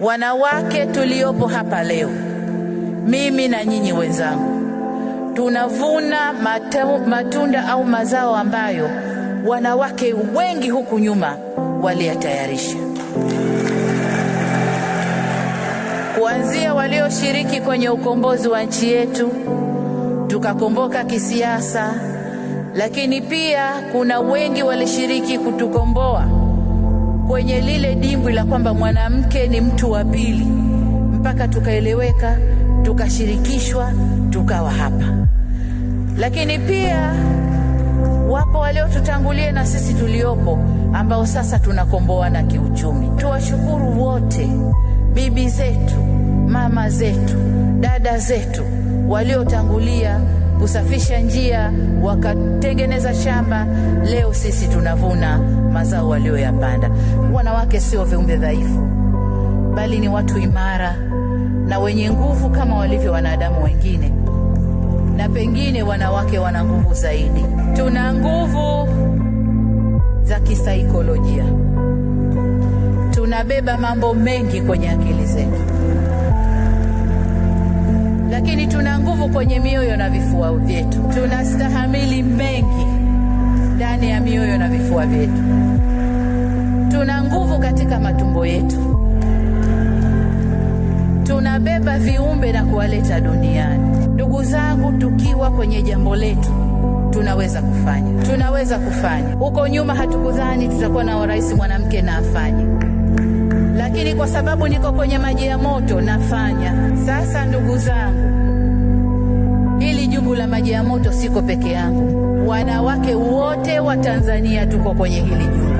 Wanawake tuliopo hapa leo, mimi na nyinyi wenzangu, tunavuna matunda au mazao ambayo wanawake wengi huku nyuma waliyatayarisha, kuanzia walioshiriki kwenye ukombozi wa nchi yetu tukakomboka kisiasa, lakini pia kuna wengi walishiriki kutukomboa kwenye lile dimbwi la kwamba mwanamke ni mtu wa pili, mpaka tukaeleweka, tukashirikishwa, tukawa hapa. Lakini pia wapo waliotutangulia na sisi tuliopo, ambao sasa tunakomboana kiuchumi. Tuwashukuru wote, bibi zetu, mama zetu, dada zetu waliotangulia kusafisha njia, wakatengeneza shamba. Leo sisi tunavuna mazao waliyoyapanda Wanawake sio viumbe dhaifu, bali ni watu imara na wenye nguvu kama walivyo wanadamu wengine, na pengine wanawake wana nguvu zaidi. Tuna nguvu za kisaikolojia, tunabeba mambo mengi kwenye akili zetu. Tuna nguvu kwenye mioyo na vifua vyetu, tunastahamili mengi ndani ya mioyo na vifua vyetu. Tuna nguvu katika matumbo yetu, tunabeba viumbe na kuwaleta duniani. Ndugu zangu, tukiwa kwenye jambo letu tunaweza kufanya, tunaweza kufanya. Huko nyuma hatukudhani tutakuwa na rais mwanamke na afanye, lakini kwa sababu niko kwenye maji ya moto nafanya. Sasa ndugu zangu maji ya moto, siko peke yangu, wanawake wote wa Tanzania tuko kwenye hili juma.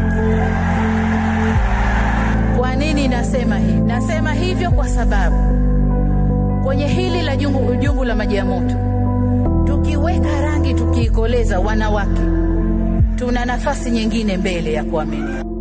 Kwa nini nasema hivi? Nasema hivyo kwa sababu kwenye hili la jungu, jungu la maji ya moto tukiweka rangi, tukiikoleza wanawake, tuna nafasi nyingine mbele ya kuamini